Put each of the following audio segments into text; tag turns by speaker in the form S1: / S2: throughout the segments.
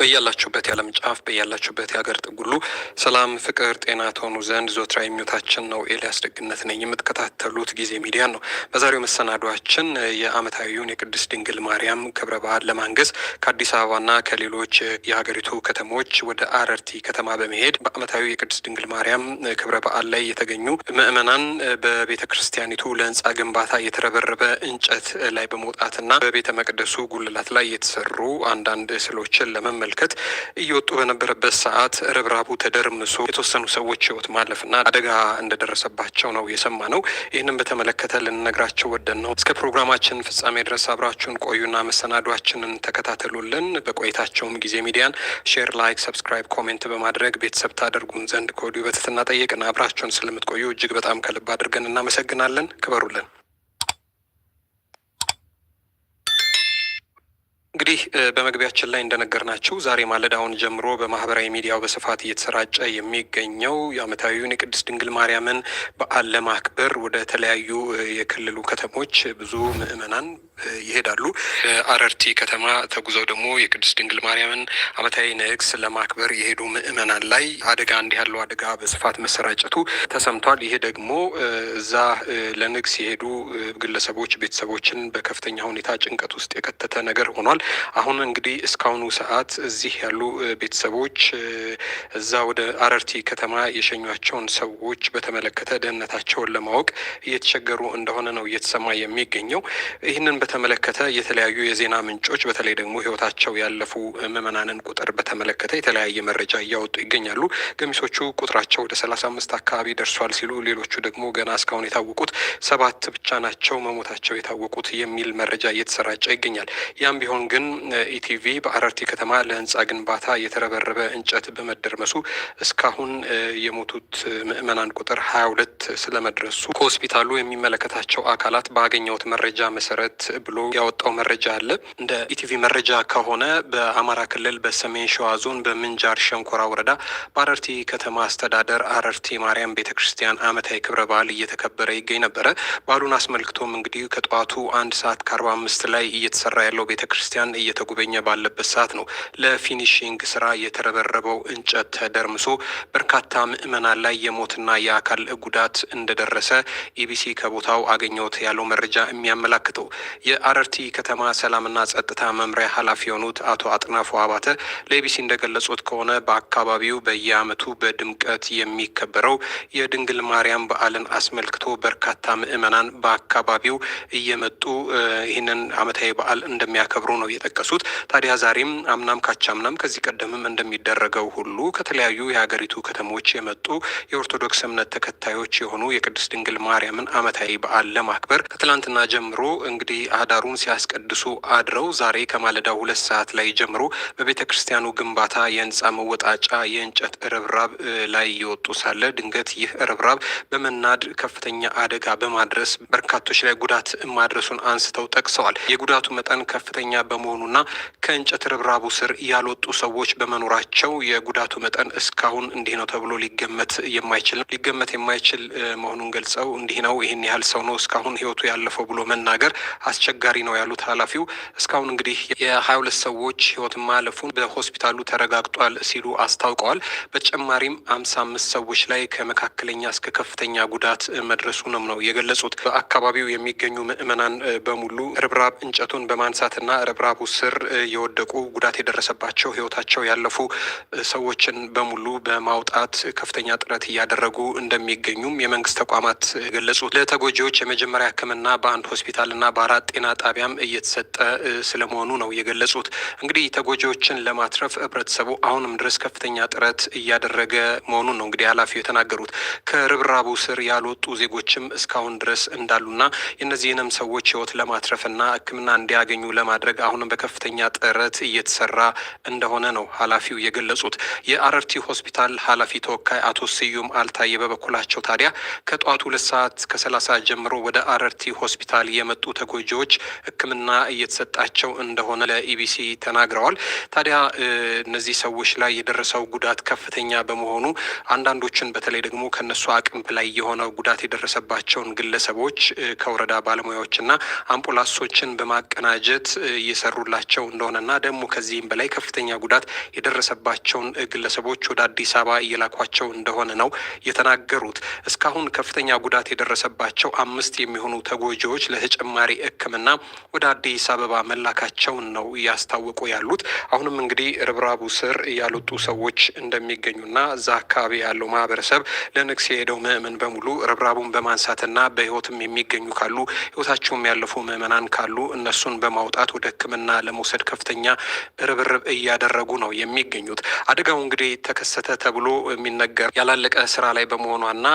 S1: በያላችሁበት የዓለም ጫፍ በያላችሁበት የሀገር ጥጉሉ ሰላም፣ ፍቅር፣ ጤና ተሆኑ ዘንድ ዞትራ የሚወታችን ነው። ኤልያስ ደግነት ነኝ። የምትከታተሉት ጊዜ ሚዲያን ነው። በዛሬው መሰናዷችን የአመታዊውን የቅድስት ድንግል ማርያም ክብረ በዓል ለማንገስ ከአዲስ አበባና ከሌሎች የሀገሪቱ ከተሞች ወደ አረርቲ ከተማ በመሄድ በአመታዊ የቅድስት ድንግል ማርያም ክብረ በዓል ላይ የተገኙ ምዕመናን በቤተ ክርስቲያኒቱ ለህንፃ ግንባታ የተረበረበ እንጨት ላይ በመውጣትና በቤተ መቅደሱ ጉልላት ላይ የተሰሩ አንዳንድ ስዕሎችን ለመመ ለማመልከት እየወጡ በነበረበት ሰዓት ርብራቡ ተደርምሶ የተወሰኑ ሰዎች ህይወት ማለፍና አደጋ እንደደረሰባቸው ነው የሰማ ነው። ይህንን በተመለከተ ልንነግራቸው ወደን ነው። እስከ ፕሮግራማችን ፍጻሜ ድረስ አብራችሁን ቆዩና መሰናዷችንን ተከታተሉልን። በቆይታቸውም ጊዜ ሚዲያን ሼር፣ ላይክ፣ ሰብስክራይብ፣ ኮሜንት በማድረግ ቤተሰብ ታደርጉን ዘንድ ከወዲሁ በትህትና ጠየቅን። አብራችሁን ስለምትቆዩ እጅግ በጣም ከልብ አድርገን እናመሰግናለን። ክበሩልን። እንግዲህ በመግቢያችን ላይ እንደነገርናችሁ ዛሬ ማለዳውን ጀምሮ በማህበራዊ ሚዲያው በስፋት እየተሰራጨ የሚገኘው የዓመታዊውን የቅድስት ድንግል ማርያምን በዓል ለማክበር ወደ ተለያዩ የክልሉ ከተሞች ብዙ ምዕመናን ይሄዳሉ። አረርቲ ከተማ ተጉዘው ደግሞ የቅድስት ድንግል ማርያምን ዓመታዊ ንግስ ለማክበር የሄዱ ምዕመናን ላይ አደጋ እንዲህ ያለው አደጋ በስፋት መሰራጨቱ ተሰምቷል። ይሄ ደግሞ እዛ ለንግስ የሄዱ ግለሰቦች ቤተሰቦችን በከፍተኛ ሁኔታ ጭንቀት ውስጥ የከተተ ነገር ሆኗል። አሁን እንግዲህ እስካሁኑ ሰዓት እዚህ ያሉ ቤተሰቦች እዛ ወደ አረርቲ ከተማ የሸኟቸውን ሰዎች በተመለከተ ደህንነታቸውን ለማወቅ እየተቸገሩ እንደሆነ ነው እየተሰማ የሚገኘው ይህንን በተመለከተ የተለያዩ የዜና ምንጮች በተለይ ደግሞ ህይወታቸው ያለፉ ምዕመናንን ቁጥር በተመለከተ የተለያየ መረጃ እያወጡ ይገኛሉ። ገሚሶቹ ቁጥራቸው ወደ ሰላሳ አምስት አካባቢ ደርሷል ሲሉ፣ ሌሎቹ ደግሞ ገና እስካሁን የታወቁት ሰባት ብቻ ናቸው መሞታቸው የታወቁት የሚል መረጃ እየተሰራጨ ይገኛል። ያም ቢሆን ግን ኢቲቪ በአረርቲ ከተማ ለህንፃ ግንባታ የተረበረበ እንጨት በመደርመሱ እስካሁን የሞቱት ምዕመናን ቁጥር ሀያ ሁለት ስለመድረሱ ከሆስፒታሉ የሚመለከታቸው አካላት ባገኘሁት መረጃ መሰረት ብሎ ያወጣው መረጃ አለ። እንደ ኢቲቪ መረጃ ከሆነ በአማራ ክልል በሰሜን ሸዋ ዞን በምንጃር ሸንኮራ ወረዳ በአረርቲ ከተማ አስተዳደር አረርቲ ማርያም ቤተ ክርስቲያን ዓመታዊ ክብረ በዓል እየተከበረ ይገኝ ነበረ። በዓሉን አስመልክቶም እንግዲህ ከጠዋቱ አንድ ሰዓት ከአርባ አምስት ላይ እየተሰራ ያለው ቤተ ክርስቲያን እየተጎበኘ ባለበት ሰዓት ነው ለፊኒሽንግ ስራ የተረበረበው እንጨት ተደርምሶ በርካታ ምዕመናን ላይ የሞትና የአካል ጉዳት እንደደረሰ ኢቢሲ ከቦታው አገኘሁት ያለው መረጃ የሚያመላክተው የአረርቲ ከተማ ሰላምና ጸጥታ መምሪያ ኃላፊ የሆኑት አቶ አጥናፉ አባተ ለኢቢሲ እንደገለጹት ከሆነ በአካባቢው በየዓመቱ በድምቀት የሚከበረው የድንግል ማርያም በዓልን አስመልክቶ በርካታ ምዕመናን በአካባቢው እየመጡ ይህንን ዓመታዊ በዓል እንደሚያከብሩ ነው የጠቀሱት። ታዲያ ዛሬም አምናም ካቻምናም ከዚህ ቀደምም እንደሚደረገው ሁሉ ከተለያዩ የሀገሪቱ ከተሞች የመጡ የኦርቶዶክስ እምነት ተከታዮች የሆኑ የቅድስት ድንግል ማርያምን ዓመታዊ በዓል ለማክበር ከትላንትና ጀምሮ እንግዲህ አዳሩን ሲያስቀድሱ አድረው ዛሬ ከማለዳው ሁለት ሰዓት ላይ ጀምሮ በቤተ ክርስቲያኑ ግንባታ የህንጻ መወጣጫ የእንጨት ርብራብ ላይ እየወጡ ሳለ ድንገት ይህ ርብራብ በመናድ ከፍተኛ አደጋ በማድረስ በርካቶች ላይ ጉዳት ማድረሱን አንስተው ጠቅሰዋል። የጉዳቱ መጠን ከፍተኛ በመሆኑና ከእንጨት ርብራቡ ስር ያልወጡ ሰዎች በመኖራቸው የጉዳቱ መጠን እስካሁን እንዲህ ነው ተብሎ ሊገመት የማይችል ሊገመት የማይችል መሆኑን ገልጸው እንዲህ ነው ይህን ያህል ሰው ነው እስካሁን ህይወቱ ያለፈው ብሎ መናገር አስቸ አስቸጋሪ ነው ያሉት ኃላፊው እስካሁን እንግዲህ የሀያ ሁለት ሰዎች ህይወት ማለፉን በሆስፒታሉ ተረጋግጧል ሲሉ አስታውቀዋል። በተጨማሪም አምሳ አምስት ሰዎች ላይ ከመካከለኛ እስከ ከፍተኛ ጉዳት መድረሱንም ነው የገለጹት። በአካባቢው የሚገኙ ምዕመናን በሙሉ ርብራብ እንጨቱን በማንሳትና ርብራቡ ስር የወደቁ ጉዳት የደረሰባቸው ህይወታቸው ያለፉ ሰዎችን በሙሉ በማውጣት ከፍተኛ ጥረት እያደረጉ እንደሚገኙም የመንግስት ተቋማት ገለጹ። ለተጎጂዎች የመጀመሪያ ህክምና በአንድ ሆስፒታልና በአራት ጤና ጣቢያም እየተሰጠ ስለመሆኑ ነው የገለጹት። እንግዲህ ተጎጂዎችን ለማትረፍ ህብረተሰቡ አሁንም ድረስ ከፍተኛ ጥረት እያደረገ መሆኑን ነው እንግዲህ ኃላፊው የተናገሩት። ከርብራቡ ስር ያልወጡ ዜጎችም እስካሁን ድረስ እንዳሉና የእነዚህንም ሰዎች ህይወት ለማትረፍና ሕክምና እንዲያገኙ ለማድረግ አሁንም በከፍተኛ ጥረት እየተሰራ እንደሆነ ነው ኃላፊው የገለጹት። የአረርቲ ሆስፒታል ኃላፊ ተወካይ አቶ ስዩም አልታየ በበኩላቸው ታዲያ ከጠዋቱ ሁለት ሰዓት ከሰላሳ ጀምሮ ወደ አረርቲ ሆስፒታል የመጡ ተጎጂዎች ሰዎች ሕክምና እየተሰጣቸው እንደሆነ ለኢቢሲ ተናግረዋል። ታዲያ እነዚህ ሰዎች ላይ የደረሰው ጉዳት ከፍተኛ በመሆኑ አንዳንዶችን በተለይ ደግሞ ከነሱ አቅም በላይ የሆነው ጉዳት የደረሰባቸውን ግለሰቦች ከወረዳ ባለሙያዎችና አምቡላንሶችን በማቀናጀት እየሰሩላቸው እንደሆነና ደግሞ ከዚህም በላይ ከፍተኛ ጉዳት የደረሰባቸውን ግለሰቦች ወደ አዲስ አበባ እየላኳቸው እንደሆነ ነው የተናገሩት። እስካሁን ከፍተኛ ጉዳት የደረሰባቸው አምስት የሚሆኑ ተጎጂዎች ለተጨማሪ ለሕክምና ወደ አዲስ አበባ መላካቸውን ነው እያስታወቁ ያሉት። አሁንም እንግዲህ ርብራቡ ስር ያልወጡ ሰዎች እንደሚገኙና እዛ አካባቢ ያለው ማህበረሰብ ለንግስ የሄደው ምእመን በሙሉ ርብራቡን በማንሳትና በህይወትም የሚገኙ ካሉ ህይወታቸውም ያለፉ ምእመናን ካሉ እነሱን በማውጣት ወደ ሕክምና ለመውሰድ ከፍተኛ ርብርብ እያደረጉ ነው የሚገኙት። አደጋው እንግዲህ ተከሰተ ተብሎ የሚነገር ያላለቀ ስራ ላይ በመሆኗና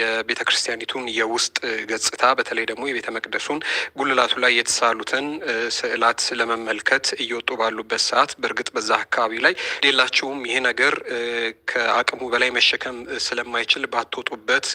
S1: የቤተ ክርስቲያኒቱን የውስጥ ገጽታ በተለይ ደግሞ የቤተ መቅደሱን ጉልላቱ ላይ የተሳሉትን ስዕላት ለመመልከት እየወጡ ባሉበት ሰዓት በእርግጥ በዛ አካባቢ ላይ ሌላቸውም ይሄ ነገር ከአቅሙ በላይ መሸከም ስለማይችል ባትወጡበት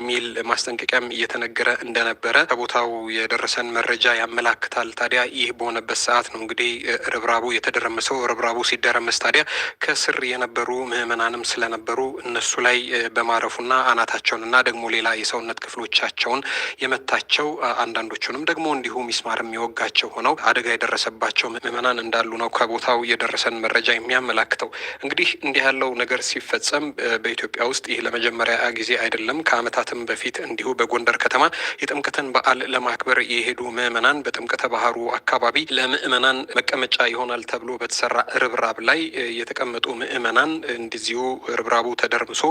S1: የሚል ማስጠንቀቂያም እየተነገረ እንደነበረ ከቦታው የደረሰን መረጃ ያመላክታል። ታዲያ ይህ በሆነበት ሰዓት ነው እንግዲህ ርብራቡ የተደረመሰው። ርብራቡ ሲደረመስ ታዲያ ከስር የነበሩ ምዕመናንም ስለነበሩ እነሱ ላይ በማረፉና አናታቸውንና ደግሞ ሌላ የሰውነት ክፍሎቻቸውን የመታቸው አንዳንዶቹንም ደግሞ እንዲሁ ሚስማር የሚወጋቸው ሆነው አደጋ የደረሰባቸው ምዕመናን እንዳሉ ነው ከቦታው የደረሰን መረጃ የሚያመላክተው። እንግዲህ እንዲህ ያለው ነገር ሲፈጸም በኢትዮጵያ ውስጥ ይህ ለመጀመሪያ ጊዜ አይደለም። ከዓመታትም በፊት እንዲሁ በጎንደር ከተማ የጥምቀትን በዓል ለማክበር የሄዱ ምዕመናን በጥምቀተ ባህሩ አካባቢ ለምዕመናን መቀመጫ ይሆናል ተብሎ በተሰራ ርብራብ ላይ የተቀመጡ ምዕመናን እንዲዚሁ ርብራቡ ተደርምሶ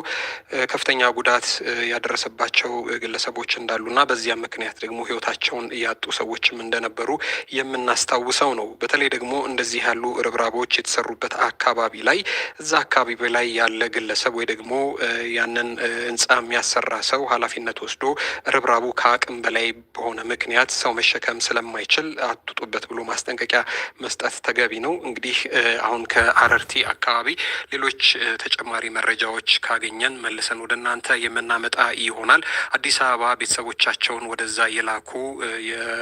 S1: ከፍተኛ ጉዳት ያደረሰባቸው ግለሰቦች እንዳሉና በዚያም ምክንያት ደግሞ ህይወታቸውን እያጡ ሰዎችም እንደነበሩ የምናስታውሰው ነው። በተለይ ደግሞ እንደዚህ ያሉ ርብራቦች የተሰሩበት አካባቢ ላይ እዛ አካባቢ ላይ ያለ ግለሰብ ወይ ደግሞ ያንን ህንፃ የሚያሰራ ሰው ኃላፊነት ወስዶ ርብራቡ ከአቅም በላይ በሆነ ምክንያት ሰው መሸከም ስለማይችል አትጡበት ብሎ ማስጠንቀቂያ መስጠት ተገቢ ነው። እንግዲህ አሁን ከአረርቲ አካባቢ ሌሎች ተጨማሪ መረጃዎች ካገኘን መልሰን ወደ እናንተ የምናመጣ ይሆናል። አዲስ አበባ ቤተሰቦቻቸውን ወደዛ የላኩ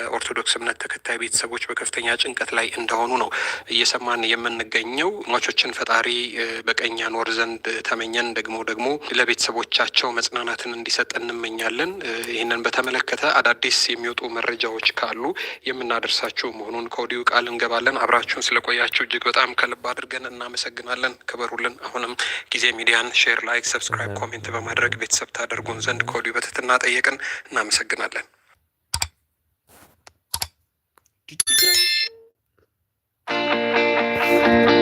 S1: የኦርቶዶክስ እምነት ተከታይ ቤተሰቦች በከፍተኛ ጭንቀት ላይ እንደሆኑ ነው እየሰማን የምንገኘው። ሟቾችን ፈጣሪ በቀኝ ያኖር ዘንድ ተመኘን። ደግሞ ደግሞ ለቤተሰቦቻቸው መጽናናትን እንዲሰጥ እንመኛለን። ይህንን በተመለከተ አዳዲስ የሚወጡ መረጃዎች ካሉ የምናደርሳችሁ መሆኑን ከወዲሁ ቃል እንገባለን። አብራችሁን ስለቆያችሁ እጅግ በጣም ከልብ አድርገን እናመሰግናለን። ክበሩልን። አሁንም ጊዜ ሚዲያን ሼር፣ ላይክ፣ ሰብስክራይብ፣ ኮሜንት በማድረግ ቤተሰብ ታደርጉን ዘንድ ከወዲሁ በትህትና ጠየቅን። እናመሰግናለን። Thank you.